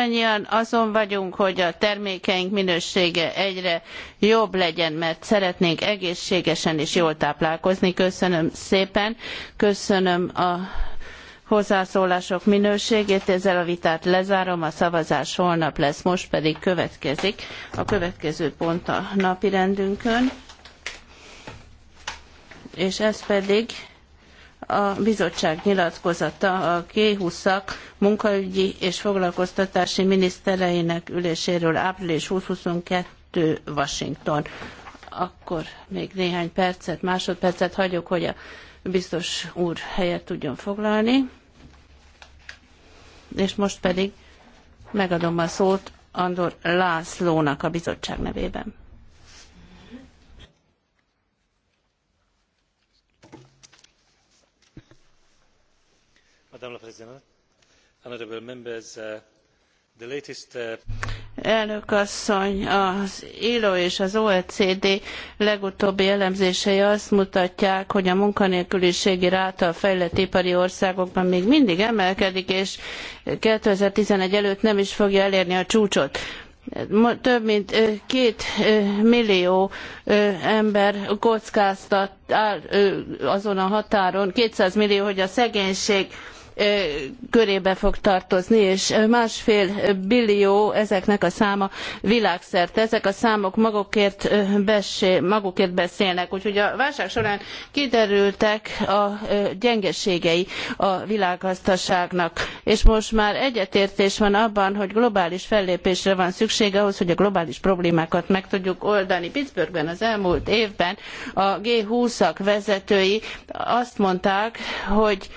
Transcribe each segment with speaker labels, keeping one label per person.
Speaker 1: mindannyian azon vagyunk, hogy a termékeink minősége egyre jobb legyen, mert szeretnénk egészségesen és jól táplálkozni. Köszönöm szépen, köszönöm a hozzászólások minőségét, ezzel a vitát lezárom, a szavazás holnap lesz, most pedig következik a következő pont a napirendünkön, és ez pedig a bizottság nyilatkozata a g 20 munkaügyi és foglalkoztatási minisztereinek üléséről április 2022 Washington. Akkor még néhány percet, másodpercet hagyok, hogy a biztos úr helyet tudjon foglalni. És most pedig megadom a szót Andor Lászlónak a bizottság nevében.
Speaker 2: Uh, uh,
Speaker 1: Elnök asszony, az ILO és az OECD legutóbbi elemzései azt mutatják, hogy a munkanélküliségi ráta a fejlett ipari országokban még mindig emelkedik, és 2011 előtt nem is fogja elérni a csúcsot több mint két millió ember kockáztat áll azon a határon, 200 millió, hogy a szegénység körébe fog tartozni, és másfél billió ezeknek a száma világszerte. Ezek a számok magukért, besé, magukért beszélnek, úgyhogy a válság során kiderültek a gyengeségei a világgazdaságnak. És most már egyetértés van abban, hogy globális fellépésre van szükség ahhoz, hogy a globális problémákat meg tudjuk oldani. Pittsburghben az elmúlt évben a G20-ak vezetői azt mondták, hogy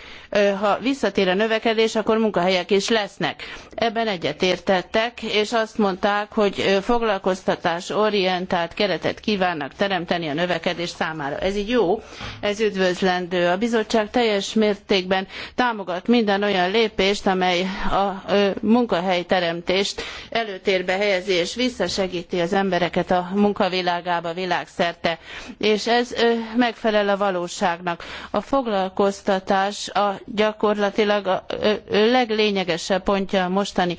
Speaker 1: ha vissza visszatér a növekedés, akkor munkahelyek is lesznek. Ebben egyetértettek, és azt mondták, hogy foglalkoztatás orientált keretet kívánnak teremteni a növekedés számára. Ez így jó, ez üdvözlendő. A bizottság teljes mértékben támogat minden olyan lépést, amely a munkahelyteremtést előtérbe helyezi és visszasegíti az embereket a munkavilágába világszerte. És ez megfelel a valóságnak. A foglalkoztatás a gyakorlat gyakorlatilag a leglényegesebb pontja a mostani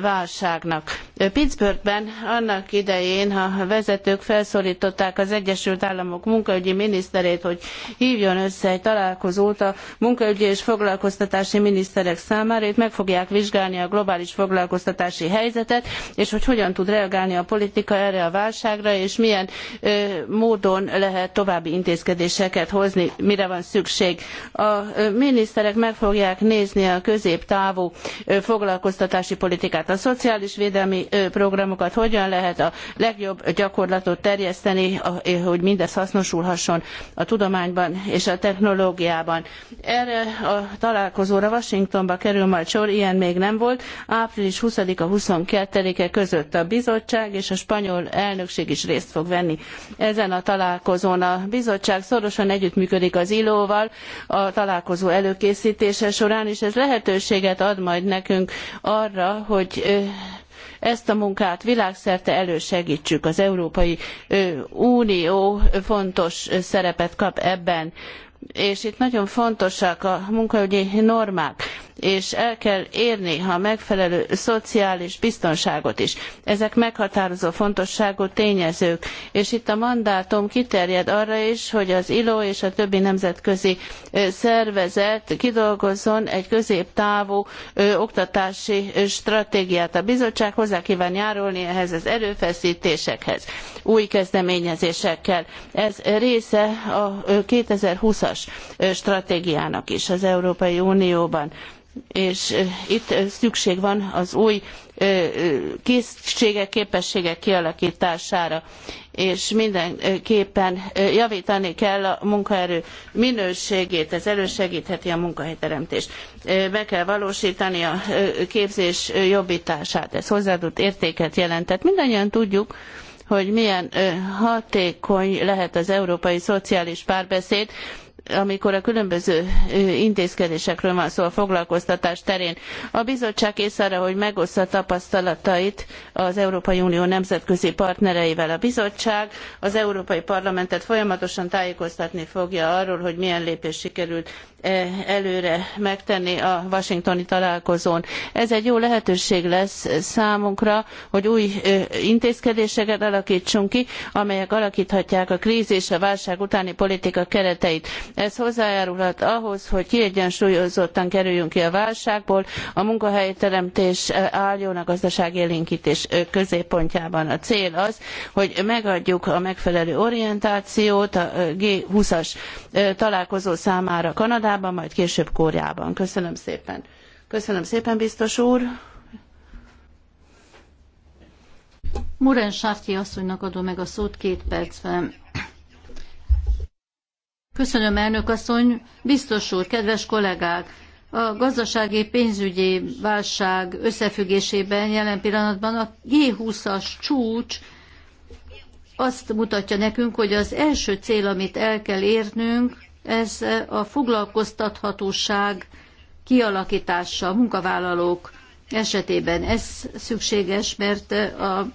Speaker 1: válságnak. Pittsburghben annak idején a vezetők felszólították az Egyesült Államok munkaügyi miniszterét, hogy hívjon össze egy találkozót a munkaügyi és foglalkoztatási miniszterek számára. Itt meg fogják vizsgálni a globális foglalkoztatási helyzetet, és hogy hogyan tud reagálni a politika erre a válságra, és milyen ö, módon lehet további intézkedéseket hozni, mire van szükség. A ö, miniszterek meg fogják nézni a középtávú ö, foglalkoztatási politikát, a szociális védelmi programokat, hogyan lehet a legjobb gyakorlatot terjeszteni, hogy mindez hasznosulhasson a tudományban és a technológiában. Erre a találkozóra Washingtonba kerül majd sor, ilyen még nem volt. Április 20-a 22-e között a bizottság és a spanyol elnökség is részt fog venni ezen a találkozón. A bizottság szorosan együttműködik az ILO-val a találkozó előkészítése során, és ez lehetőséget ad majd nekünk arra, hogy ezt a munkát világszerte elősegítsük. Az Európai Unió fontos szerepet kap ebben és itt nagyon fontosak a munkaügyi normák és el kell érni a megfelelő szociális biztonságot is. Ezek meghatározó fontosságú tényezők, és itt a mandátum kiterjed arra is, hogy az ILO és a többi nemzetközi szervezet kidolgozzon egy középtávú oktatási stratégiát. A bizottság hozzá kíván járulni ehhez az erőfeszítésekhez, új kezdeményezésekkel. Ez része a 2020-as stratégiának is az Európai Unióban és itt szükség van az új készségek, képességek kialakítására, és mindenképpen javítani kell a munkaerő minőségét, ez elősegítheti a munkahelyteremtést. Be kell valósítani a képzés jobbítását, ez hozzáadott értéket jelentett. Mindannyian tudjuk, hogy milyen hatékony lehet az európai szociális párbeszéd, amikor a különböző intézkedésekről van szó a foglalkoztatás terén. A bizottság kész arra, hogy megossza tapasztalatait az Európai Unió nemzetközi partnereivel. A bizottság az Európai Parlamentet folyamatosan tájékoztatni fogja arról, hogy milyen lépés sikerült előre megtenni a washingtoni találkozón. Ez egy jó lehetőség lesz számunkra, hogy új intézkedéseket alakítsunk ki, amelyek alakíthatják a krízis, a válság utáni politika kereteit. Ez hozzájárulhat ahhoz, hogy kiegyensúlyozottan kerüljünk ki a válságból, a munkahelyteremtés eh, álljon a gazdaságélénkítés eh, középpontjában. A cél az, hogy megadjuk a megfelelő orientációt a eh, G20-as találkozó számára Kanadában, majd később Kóriában. Köszönöm szépen. Köszönöm szépen, biztos úr.
Speaker 3: Muren Sárti asszonynak adom meg a szót két percben. Köszönöm, elnök asszony, biztos úr, kedves kollégák! A gazdasági pénzügyi válság összefüggésében jelen pillanatban a G20-as csúcs azt mutatja nekünk, hogy az első cél, amit el kell érnünk, ez a foglalkoztathatóság kialakítása a munkavállalók esetében. Ez szükséges, mert a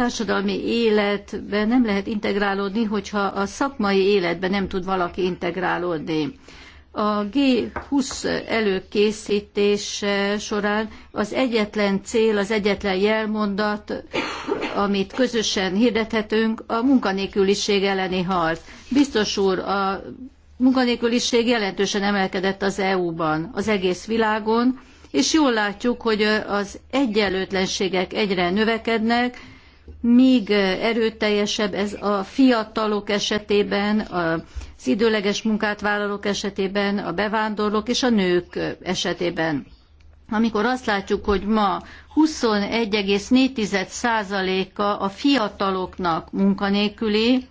Speaker 3: társadalmi életbe nem lehet integrálódni, hogyha a szakmai életbe nem tud valaki integrálódni. A G20 előkészítése során az egyetlen cél, az egyetlen jelmondat, amit közösen hirdethetünk, a munkanélküliség elleni harc. Biztos úr, a munkanélküliség jelentősen emelkedett az EU-ban, az egész világon, és jól látjuk, hogy az egyenlőtlenségek egyre növekednek, még erőteljesebb ez a fiatalok esetében, az időleges munkát vállalók esetében, a bevándorlók és a nők esetében. Amikor azt látjuk, hogy ma 21,4%-a a fiataloknak munkanélküli,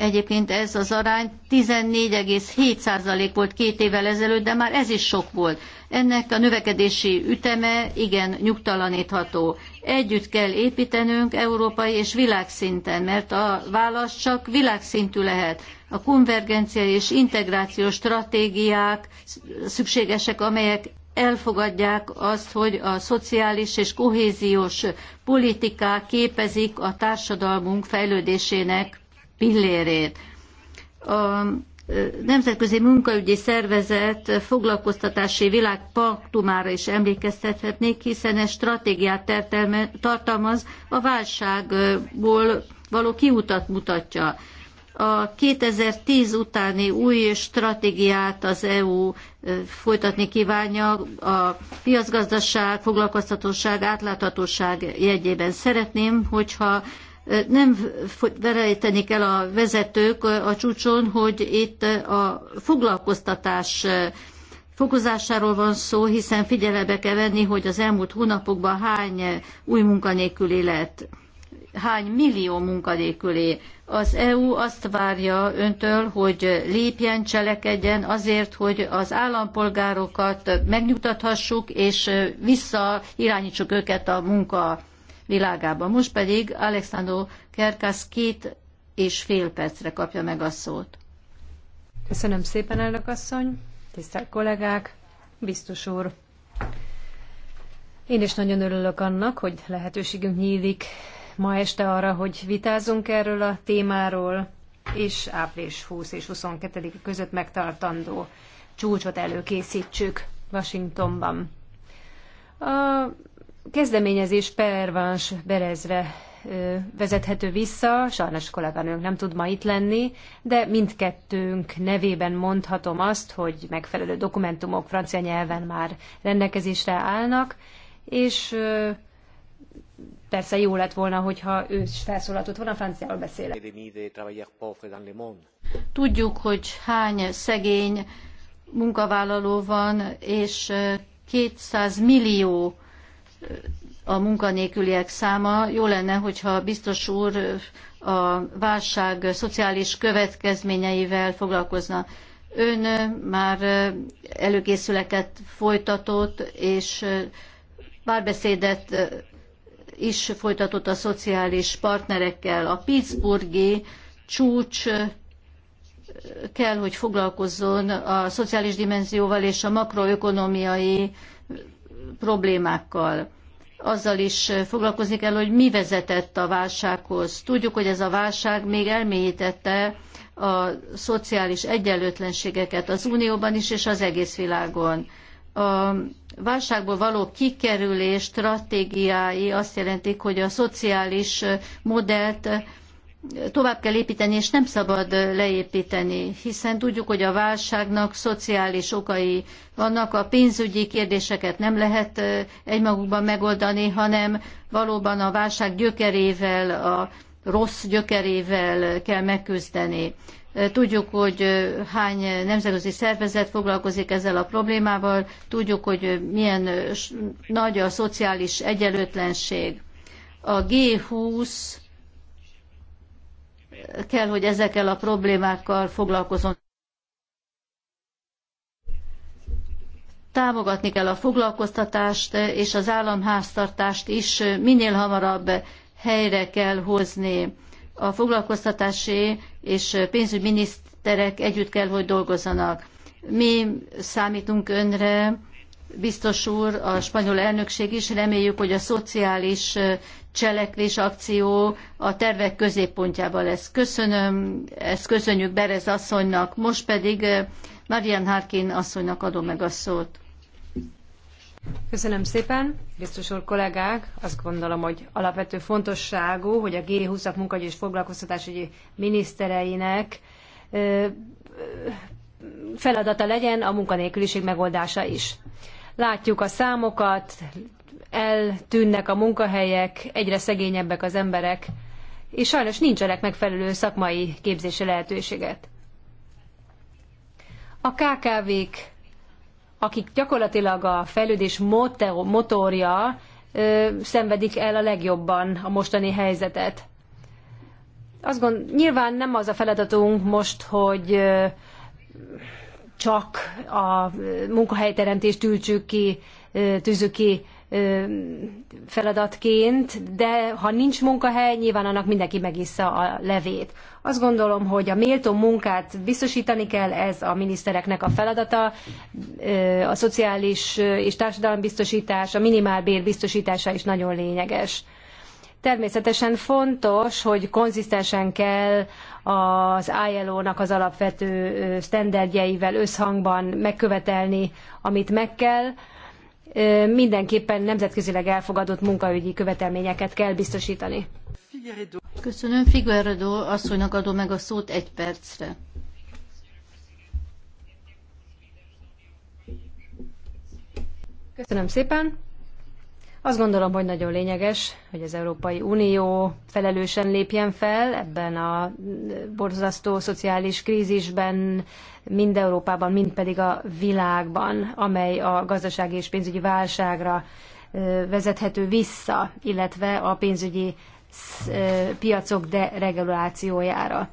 Speaker 3: Egyébként ez az arány 14,7% volt két évvel ezelőtt, de már ez is sok volt. Ennek a növekedési üteme igen nyugtalanítható. Együtt kell építenünk európai és világszinten, mert a válasz csak világszintű lehet. A konvergencia és integrációs stratégiák szükségesek, amelyek elfogadják azt, hogy a szociális és kohéziós politikák képezik a társadalmunk fejlődésének pillérét. A Nemzetközi Munkaügyi Szervezet foglalkoztatási világpaktumára is emlékeztethetnék, hiszen ez stratégiát tartalmaz, a válságból való kiutat mutatja. A 2010 utáni új stratégiát az EU folytatni kívánja a piacgazdaság, foglalkoztatóság, átláthatóság jegyében. Szeretném, hogyha nem verejteni kell a vezetők a csúcson, hogy itt a foglalkoztatás fokozásáról van szó, hiszen figyelembe kell venni, hogy az elmúlt hónapokban hány új munkanélküli lett, hány millió munkanélküli. Az EU azt várja öntől, hogy lépjen, cselekedjen azért, hogy az állampolgárokat megnyugtathassuk, és visszairányítsuk őket a munka világába. Most pedig Alexandro Kerkász két és fél percre kapja meg a szót. Köszönöm szépen, elnök asszony,
Speaker 4: tisztelt kollégák, biztos úr. Én is nagyon örülök annak, hogy lehetőségünk nyílik ma este arra, hogy vitázunk erről a témáról, és április 20 és 22 között megtartandó csúcsot előkészítsük Washingtonban. A kezdeményezés Pervans Berezre vezethető vissza, sajnos kolléganőnk nem tud ma itt lenni, de mindkettőnk nevében mondhatom azt, hogy megfelelő dokumentumok francia nyelven már rendelkezésre állnak, és persze jó lett volna, hogyha ő is felszólaltott volna, franciául beszélek.
Speaker 3: Tudjuk, hogy hány szegény munkavállaló van, és 200 millió a munkanélküliek száma. Jó lenne, hogyha biztos úr a válság szociális következményeivel foglalkozna. Ön már előkészületet folytatott, és párbeszédet is folytatott a szociális partnerekkel. A Pittsburghi csúcs kell, hogy foglalkozzon a szociális dimenzióval és a makroökonomiai problémákkal. Azzal is foglalkozni kell, hogy mi vezetett a válsághoz. Tudjuk, hogy ez a válság még elmélyítette a szociális egyenlőtlenségeket az Unióban is és az egész világon. A válságból való kikerülés stratégiái azt jelentik, hogy a szociális modellt tovább kell építeni, és nem szabad leépíteni, hiszen tudjuk, hogy a válságnak szociális okai vannak, a pénzügyi kérdéseket nem lehet egymagukban megoldani, hanem valóban a válság gyökerével, a rossz gyökerével kell megküzdeni. Tudjuk, hogy hány nemzetközi szervezet foglalkozik ezzel a problémával, tudjuk, hogy milyen nagy a szociális egyenlőtlenség. A G20 kell, hogy ezekkel a problémákkal foglalkozon. Támogatni kell a foglalkoztatást és az államháztartást is minél hamarabb helyre kell hozni. A foglalkoztatási és pénzügyminiszterek együtt kell, hogy dolgozzanak. Mi számítunk önre, biztos úr, a spanyol elnökség is, reméljük, hogy a szociális cselekvés akció a tervek középpontjában lesz. Köszönöm, ezt köszönjük Berez asszonynak, most pedig eh, Marian Harkin asszonynak adom meg a szót. Köszönöm szépen, biztos úr kollégák.
Speaker 4: Azt gondolom, hogy alapvető fontosságú, hogy a G20-ak munkagy és foglalkoztatásügyi minisztereinek eh, feladata legyen a munkanélküliség megoldása is. Látjuk a számokat, eltűnnek a munkahelyek, egyre szegényebbek az emberek, és sajnos nincsenek megfelelő szakmai képzési lehetőséget. A KKV-k, akik gyakorlatilag a fejlődés motorja, szenvedik el a legjobban a mostani helyzetet. Azt gond, nyilván nem az a feladatunk most, hogy csak a munkahelyteremtést ültsük ki, tűzük ki feladatként, de ha nincs munkahely, nyilván annak mindenki megissza a levét. Azt gondolom, hogy a méltó munkát biztosítani kell, ez a minisztereknek a feladata, a szociális és társadalmi biztosítás, a minimálbér biztosítása is nagyon lényeges. Természetesen fontos, hogy konzisztensen kell az ILO-nak az alapvető sztenderdjeivel összhangban megkövetelni, amit meg kell, mindenképpen nemzetközileg elfogadott
Speaker 3: munkaügyi követelményeket kell biztosítani. Köszönöm. Figueredo asszonynak adom meg a szót egy percre. Köszönöm szépen. Azt gondolom, hogy
Speaker 4: nagyon lényeges, hogy az Európai Unió felelősen lépjen fel ebben a borzasztó szociális krízisben, mind Európában, mind pedig a világban, amely a gazdasági és pénzügyi válságra vezethető vissza, illetve a pénzügyi piacok deregulációjára.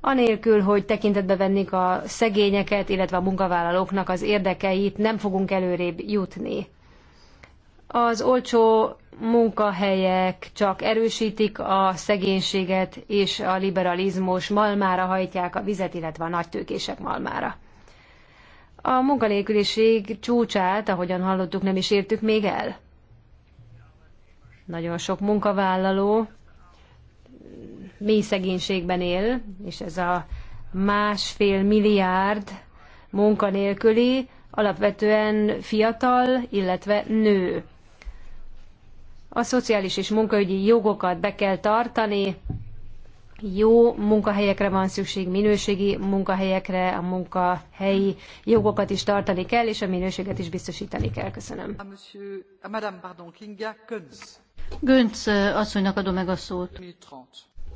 Speaker 4: Anélkül, hogy tekintetbe vennék a szegényeket, illetve a munkavállalóknak az érdekeit, nem fogunk előrébb jutni az olcsó munkahelyek csak erősítik a szegénységet, és a liberalizmus malmára hajtják a vizet, illetve a nagytőkések malmára. A munkanélküliség csúcsát, ahogyan hallottuk, nem is értük még el. Nagyon sok munkavállaló mély szegénységben él, és ez a másfél milliárd munkanélküli alapvetően fiatal, illetve nő. A szociális és munkaügyi jogokat be kell tartani, jó munkahelyekre van szükség, minőségi munkahelyekre, a munkahelyi jogokat is
Speaker 3: tartani kell, és a minőséget is biztosítani kell. Köszönöm. Gönc eh, asszonynak adom meg a szót.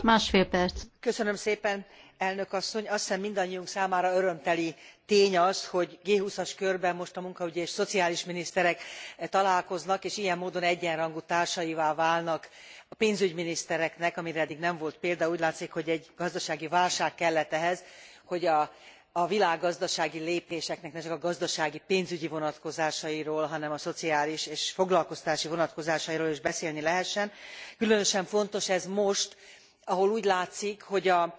Speaker 3: Másfél perc.
Speaker 2: Köszönöm szépen elnök asszony azt hiszem mindannyiunk számára örömteli tény az hogy g twenty as körben most a munkaügyi és szociális miniszterek eh, találkoznak és ilyen módon egyenrangú társaivá válnak a pénzügyminisztereknek amire eddig nem volt példa úgy látszik hogy egy gazdasági válság kellett ehhez hogy a világ gazdasági lépéseknek ne csak a gazdasági pénzügyi vonatkozásairól hanem a szociális és foglalkoztatási vonatkozásairól is beszélni lehessen. különösen fontos ez most ahol úgy látszik hogy a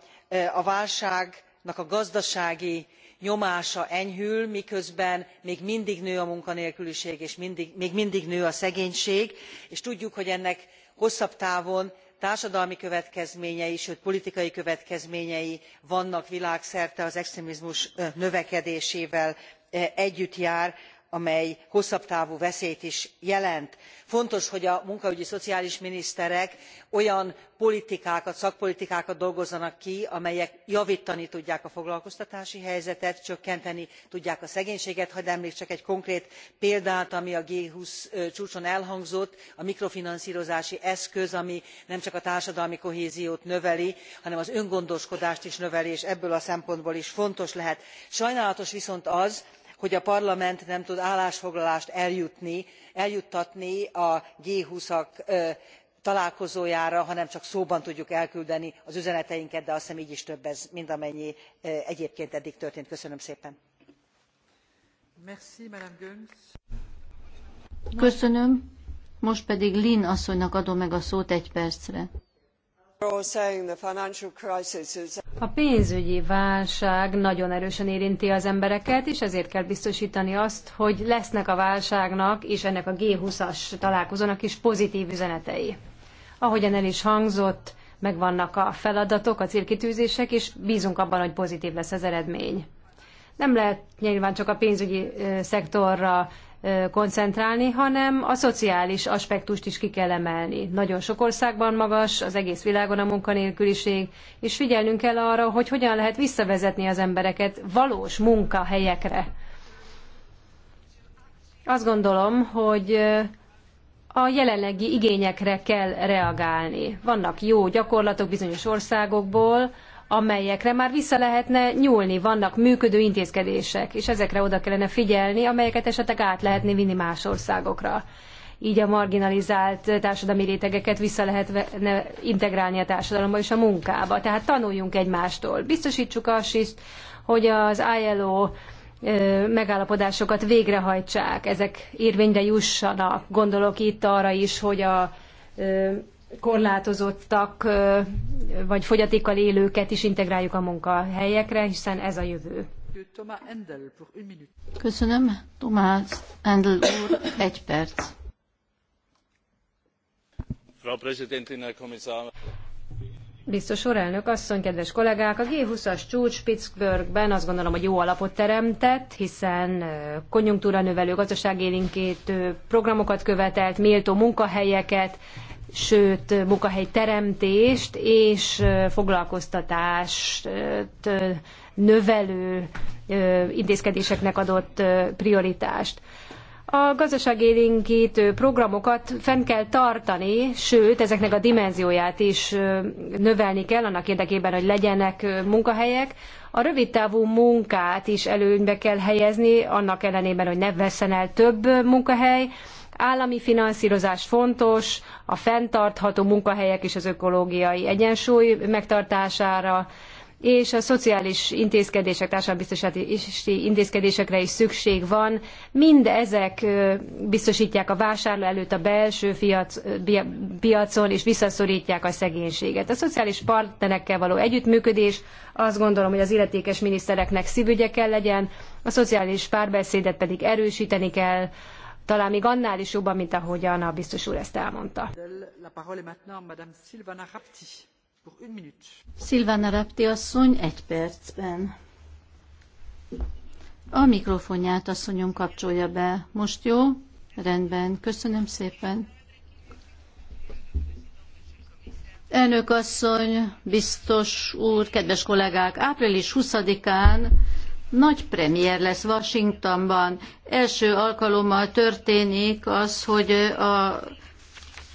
Speaker 2: a válságnak a gazdasági nyomása enyhül miközben még mindig nő a munkanélküliség és még mindig nő a szegénység és tudjuk hogy ennek hosszabb távon társadalmi következményei sőt politikai következményei vannak világszerte az extrémizmus növekedésével együtt jár amely hosszabb távú veszélyt is jelent. fontos hogy a munkaügyi szociális miniszterek olyan politikákat szakpolitikákat dolgozzanak ki amelyek javtani tudják a foglalkoztatási helyzetet csökkenteni tudják a szegénységet. hadd emltsek egy konkrét példát ami a g twenty csúcson elhangzott a mikrofinanszrozási eszköz ami nemcsak a társadalmi kohéziót növeli hanem az öngondoskodást is növeli és ebből a szempontból is fontos lehet. sajnálatos viszont az hogy a parlament nem tud állásfoglalást eljuttatni a g twenty ak találkozójára hanem csak szóban tudjuk elküldeni az üzeneteinket de azt hiszem gy is több ez mint amennyi egyébként eddig történt. köszönöm szépen!
Speaker 3: köszönöm most pedig adom meg a szót egy percre.
Speaker 4: A pénzügyi válság nagyon erősen érinti az embereket, és ezért kell biztosítani azt, hogy lesznek a válságnak és ennek a G20-as találkozónak is pozitív üzenetei. Ahogyan el is hangzott, megvannak a feladatok, a célkitűzések, és bízunk abban, hogy pozitív lesz az eredmény. Nem lehet nyilván csak a pénzügyi szektorra koncentrálni, hanem a szociális aspektust is ki kell emelni. Nagyon sok országban magas, az egész világon a munkanélküliség, és figyelnünk kell arra, hogy hogyan lehet visszavezetni az embereket valós munkahelyekre. Azt gondolom, hogy a jelenlegi igényekre kell reagálni. Vannak jó gyakorlatok bizonyos országokból, amelyekre már vissza lehetne nyúlni, vannak működő intézkedések, és ezekre oda kellene figyelni, amelyeket esetleg át lehetne vinni más országokra. Így a marginalizált társadalmi rétegeket vissza lehetne integrálni a társadalomba és a munkába. Tehát tanuljunk egymástól. Biztosítsuk azt is, hogy az ILO megállapodásokat végrehajtsák, ezek érvényre jussanak. Gondolok itt arra is, hogy a korlátozottak vagy fogyatékkal élőket is integráljuk a munkahelyekre, hiszen ez a jövő.
Speaker 3: Köszönöm. Tomás Endel úr, egy perc.
Speaker 1: Frau Präsidentin, Herr
Speaker 3: asszony, kedves
Speaker 4: kollégák, a G20-as csúcs Pittsburghben azt gondolom, hogy jó alapot teremtett, hiszen konjunktúra növelő gazdaságélénkét programokat követelt, méltó munkahelyeket, sőt munkahelyteremtést és foglalkoztatást növelő intézkedéseknek adott prioritást. A gazdaságélénkítő programokat fenn kell tartani, sőt, ezeknek a dimenzióját is növelni kell annak érdekében, hogy legyenek munkahelyek. A rövidtávú munkát is előnybe kell helyezni, annak ellenében, hogy ne vesszen el több munkahely, Állami finanszírozás fontos, a fenntartható munkahelyek és az ökológiai egyensúly megtartására, és a szociális intézkedések, társadalombiztosítási intézkedésekre is szükség van. Mind ezek biztosítják a vásárló előtt a belső piacon, és visszaszorítják a szegénységet. A szociális partnerekkel való együttműködés azt gondolom, hogy az illetékes minisztereknek szívügye kell legyen, a szociális párbeszédet pedig erősíteni kell, talán még annál is jobban, mint ahogyan a biztos úr ezt elmondta.
Speaker 3: Szilvana Rapti egy percben. A mikrofonját asszonyom kapcsolja be. Most jó? Rendben. Köszönöm szépen. Elnök asszony, biztos úr, kedves kollégák, április 20-án nagy premier lesz Washingtonban. Első alkalommal történik az, hogy a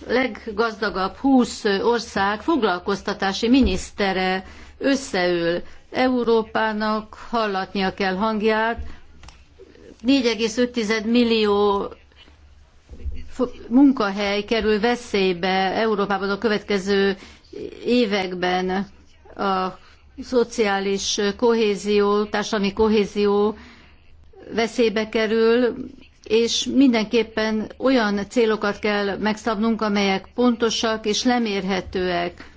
Speaker 3: leggazdagabb 20 ország foglalkoztatási minisztere összeül. Európának hallatnia kell hangját. 4,5 millió munkahely kerül veszélybe Európában a következő években a szociális kohézió, társadalmi kohézió veszélybe kerül, és mindenképpen olyan célokat kell megszabnunk, amelyek pontosak és lemérhetőek,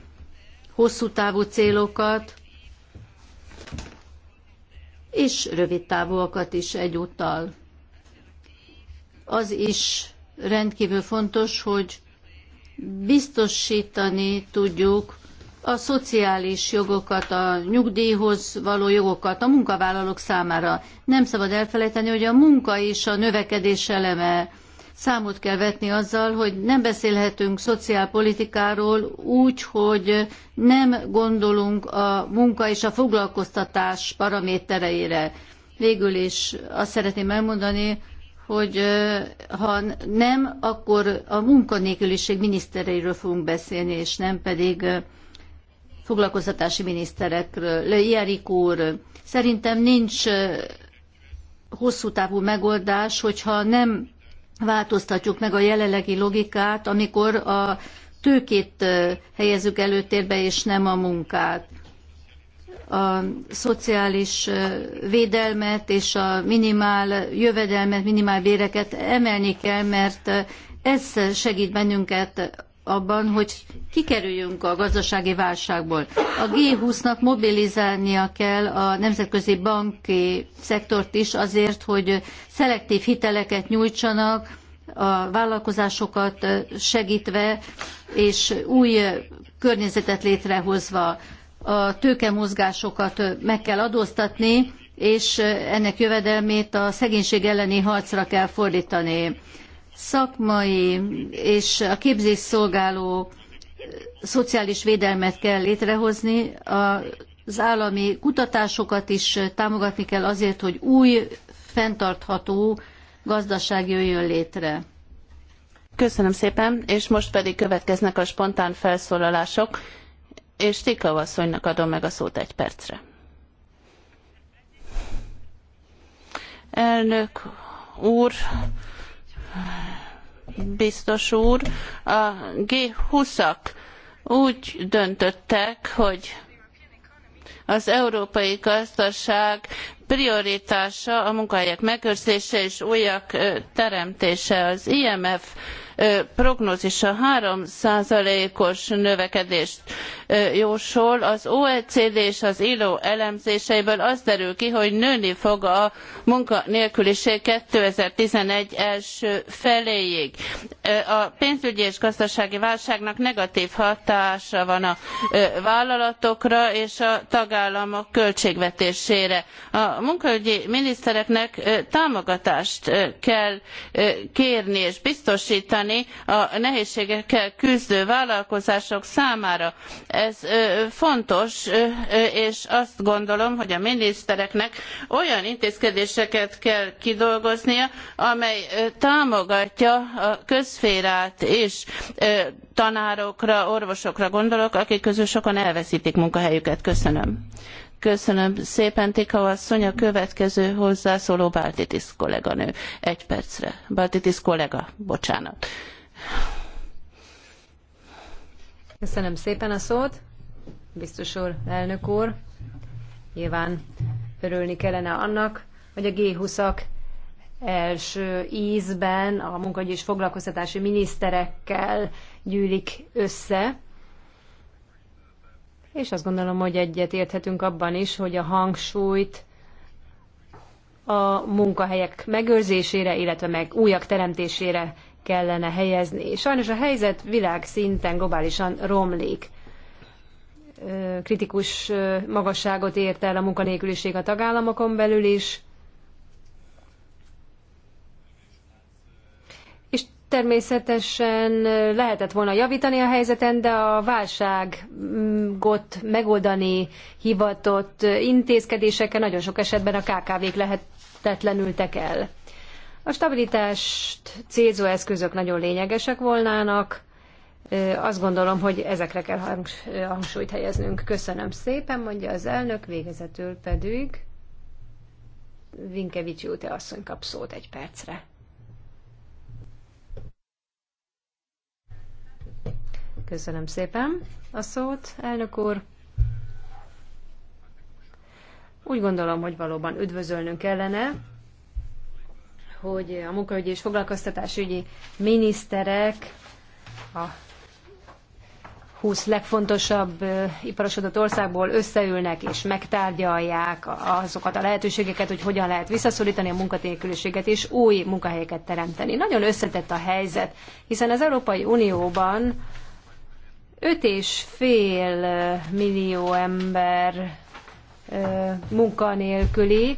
Speaker 3: hosszú távú célokat, és rövid távúakat is egyúttal. Az is rendkívül fontos, hogy biztosítani tudjuk a szociális jogokat, a nyugdíjhoz való jogokat a munkavállalók számára. Nem szabad elfelejteni, hogy a munka is a növekedés eleme. Számot kell vetni azzal, hogy nem beszélhetünk szociálpolitikáról úgy, hogy nem gondolunk a munka és a foglalkoztatás paramétereire. Végül is azt szeretném elmondani, hogy ha nem, akkor a munkanélküliség minisztereiről fogunk beszélni, és nem pedig foglalkoztatási miniszterekről. Jerik úr, szerintem nincs hosszú távú megoldás, hogyha nem változtatjuk meg a jelenlegi logikát, amikor a tőkét helyezzük előtérbe, és nem a munkát. A szociális védelmet és a minimál jövedelmet, minimál béreket emelni kell, mert ez segít bennünket abban, hogy kikerüljünk a gazdasági válságból. A G20-nak mobilizálnia kell a nemzetközi banki szektort is azért, hogy szelektív hiteleket nyújtsanak, a vállalkozásokat segítve, és új környezetet létrehozva a tőkemozgásokat meg kell adóztatni, és ennek jövedelmét a szegénység elleni harcra kell fordítani szakmai és a képzés szolgáló szociális védelmet kell létrehozni, az állami kutatásokat is támogatni kell azért, hogy új, fenntartható
Speaker 1: gazdaság jöjjön létre. Köszönöm szépen, és most pedig következnek a spontán felszólalások, és Tika asszonynak adom meg a szót egy percre. Elnök úr, biztos úr, a G20-ak úgy döntöttek, hogy az európai gazdaság prioritása a munkahelyek megőrzése és újak teremtése. Az IMF prognózisa 3 os növekedést jósol. Az OECD és az ILO elemzéseiből az derül ki, hogy nőni fog a munkanélküliség 2011 első feléig. A pénzügyi és gazdasági válságnak negatív hatása van a vállalatokra és a tagállamok költségvetésére. A munkaügyi minisztereknek támogatást kell kérni és biztosítani a nehézségekkel küzdő vállalkozások számára. Ez fontos, és azt gondolom, hogy a minisztereknek olyan intézkedéseket kell kidolgoznia, amely támogatja a közférát és tanárokra, orvosokra gondolok, akik közül sokan elveszítik munkahelyüket. Köszönöm. Köszönöm szépen, Tika asszony. A következő hozzászóló Baltitis kolléganő. Egy percre. Baltitis kollega, bocsánat.
Speaker 4: Köszönöm szépen a szót, biztos úr, elnök úr. Nyilván örülni kellene annak, hogy a G20-ak első ízben a munkaügyi és foglalkoztatási miniszterekkel gyűlik össze, és azt gondolom, hogy egyet érthetünk abban is, hogy a hangsúlyt a munkahelyek megőrzésére, illetve meg újak teremtésére kellene helyezni. Sajnos a helyzet világszinten globálisan romlik. Kritikus magasságot ért el a munkanélküliség a tagállamokon belül is. És természetesen lehetett volna javítani a helyzeten, de a válságot megoldani hivatott intézkedésekkel nagyon sok esetben a KKV-k lehetetlenültek el. A stabilitást célzó eszközök nagyon lényegesek volnának. Azt gondolom, hogy ezekre kell hangsúlyt helyeznünk. Köszönöm szépen, mondja az elnök, végezetül pedig Vinkevics Júte asszony kap szót egy percre. Köszönöm szépen a szót, elnök úr. Úgy gondolom, hogy valóban üdvözölnünk kellene hogy a munkaügyi és foglalkoztatásügyi miniszterek a 20 legfontosabb iparosodott országból összeülnek és megtárgyalják azokat a lehetőségeket, hogy hogyan lehet visszaszorítani a munkanélküliséget és új munkahelyeket teremteni. Nagyon összetett a helyzet, hiszen az Európai Unióban 5,5 millió ember munkanélküli,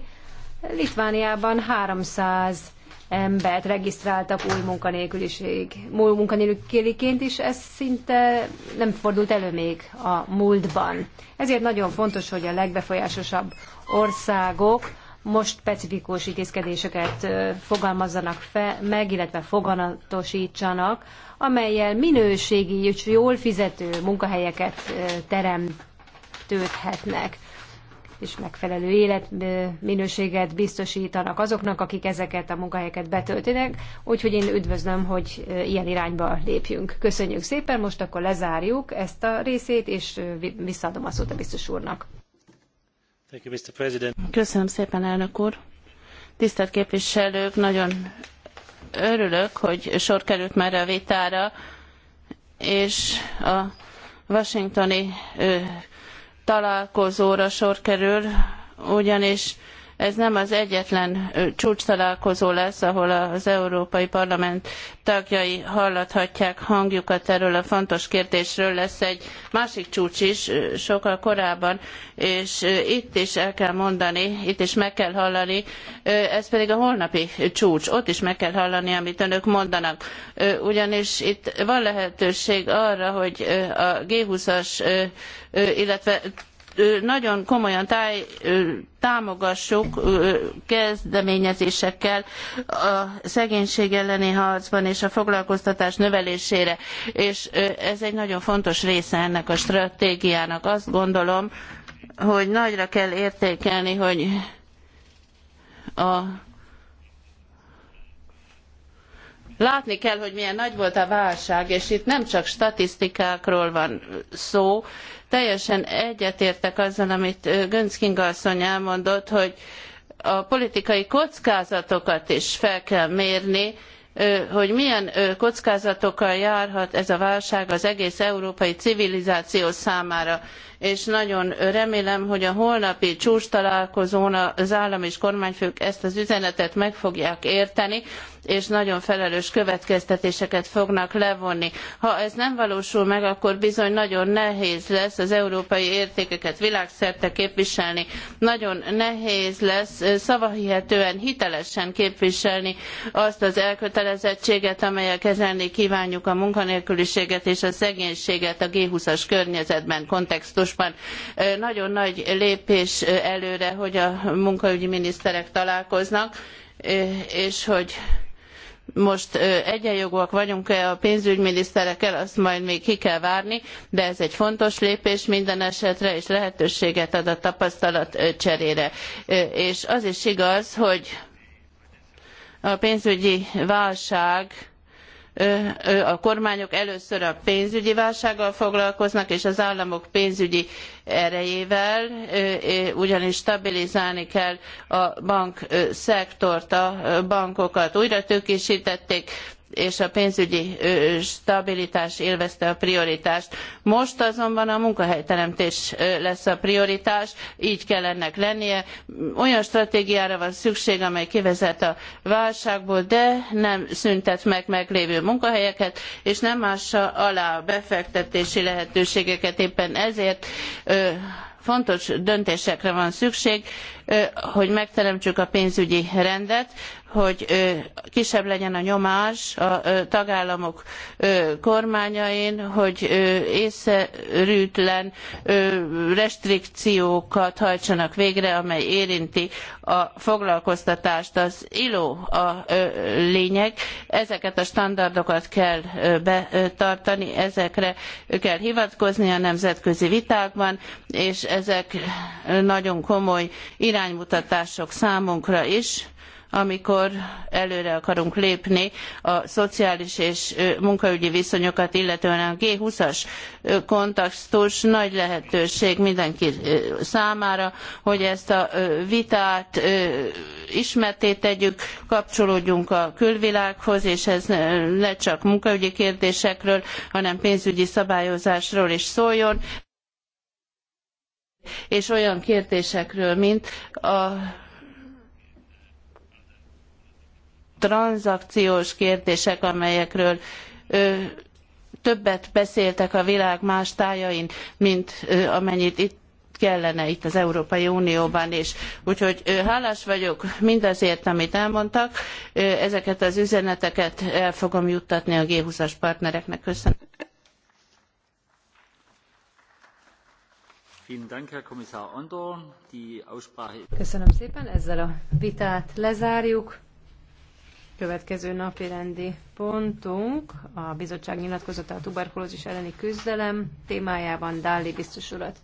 Speaker 4: Litvániában 300 embert regisztráltak új munkanélküliség, múl munkanélküliként is, ez szinte nem fordult elő még a múltban. Ezért nagyon fontos, hogy a legbefolyásosabb országok most specifikus intézkedéseket fogalmazzanak fe, meg, illetve foganatosítsanak, amelyel minőségi és jól fizető munkahelyeket teremtődhetnek és megfelelő életminőséget biztosítanak azoknak, akik ezeket a munkahelyeket betöltenek, úgyhogy én üdvözlöm, hogy ilyen irányba lépjünk. Köszönjük szépen, most akkor lezárjuk ezt a részét, és visszaadom a szót a biztos úrnak.
Speaker 1: Köszönöm szépen, elnök úr. Tisztelt képviselők, nagyon örülök, hogy sor került már a vitára, és a washingtoni találkozóra sor kerül, ugyanis ez nem az egyetlen csúcs találkozó lesz, ahol az Európai Parlament tagjai hallathatják hangjukat erről a fontos kérdésről. Lesz egy másik csúcs is, sokkal korábban, és itt is el kell mondani, itt is meg kell hallani, ez pedig a holnapi csúcs, ott is meg kell hallani, amit önök mondanak. Ugyanis itt van lehetőség arra, hogy a G20-as, illetve nagyon komolyan táj, támogassuk kezdeményezésekkel a szegénység elleni harcban és a foglalkoztatás növelésére. És ez egy nagyon fontos része ennek a stratégiának. Azt gondolom, hogy nagyra kell értékelni, hogy a Látni kell, hogy milyen nagy volt a válság, és itt nem csak statisztikákról van szó. Teljesen egyetértek azzal, amit Gönc Kinga asszony elmondott, hogy a politikai kockázatokat is fel kell mérni, hogy milyen kockázatokkal járhat ez a válság az egész európai civilizáció számára és nagyon remélem, hogy a holnapi csúcs találkozón az állam és kormányfők ezt az üzenetet meg fogják érteni, és nagyon felelős következtetéseket fognak levonni. Ha ez nem valósul meg, akkor bizony nagyon nehéz lesz az európai értékeket világszerte képviselni, nagyon nehéz lesz szavahihetően, hitelesen képviselni azt az elkötelezettséget, amelyel kezelni kívánjuk a munkanélküliséget és a szegénységet a G20-as környezetben, kontextus márciusban nagyon nagy lépés előre, hogy a munkaügyi miniszterek találkoznak, és hogy most egyenjogúak vagyunk-e a pénzügyminiszterekkel, azt majd még ki kell várni, de ez egy fontos lépés minden esetre, és lehetőséget ad a tapasztalat cserére. És az is igaz, hogy a pénzügyi válság a kormányok először a pénzügyi válsággal foglalkoznak, és az államok pénzügyi erejével, ugyanis stabilizálni kell a bankszektort, a bankokat újra tőkésítették, és a pénzügyi stabilitás élvezte a prioritást. Most azonban a munkahelyteremtés lesz a prioritás, így kell ennek lennie. Olyan stratégiára van szükség, amely kivezet a válságból, de nem szüntet meg meglévő munkahelyeket, és nem ássa alá a befektetési lehetőségeket. Éppen ezért fontos döntésekre van szükség, hogy megteremtsük a pénzügyi rendet, hogy kisebb legyen a nyomás a tagállamok kormányain, hogy észszerűtlen restrikciókat hajtsanak végre, amely érinti a foglalkoztatást. Az ILO a lényeg, ezeket a standardokat kell betartani, ezekre kell hivatkozni a nemzetközi vitákban, és ezek nagyon komoly iránymutatások számunkra is amikor előre akarunk lépni a szociális és munkaügyi viszonyokat, illetően a G20-as kontextus nagy lehetőség mindenki számára, hogy ezt a vitát ismerté tegyük, kapcsolódjunk a külvilághoz, és ez ne csak munkaügyi kérdésekről, hanem pénzügyi szabályozásról is szóljon és olyan kérdésekről, mint a tranzakciós kérdések, amelyekről ö, többet beszéltek a világ más tájain, mint ö, amennyit itt kellene itt az Európai Unióban is. Úgyhogy hálás vagyok mindazért, amit elmondtak. Ezeket az üzeneteket el fogom juttatni a G20-as partnereknek. Köszönöm.
Speaker 2: Köszönöm
Speaker 4: szépen, ezzel a vitát lezárjuk. Következő napi rendi pontunk a bizottság nyilatkozata a tuberkulózis elleni küzdelem témájában Dáli biztos urat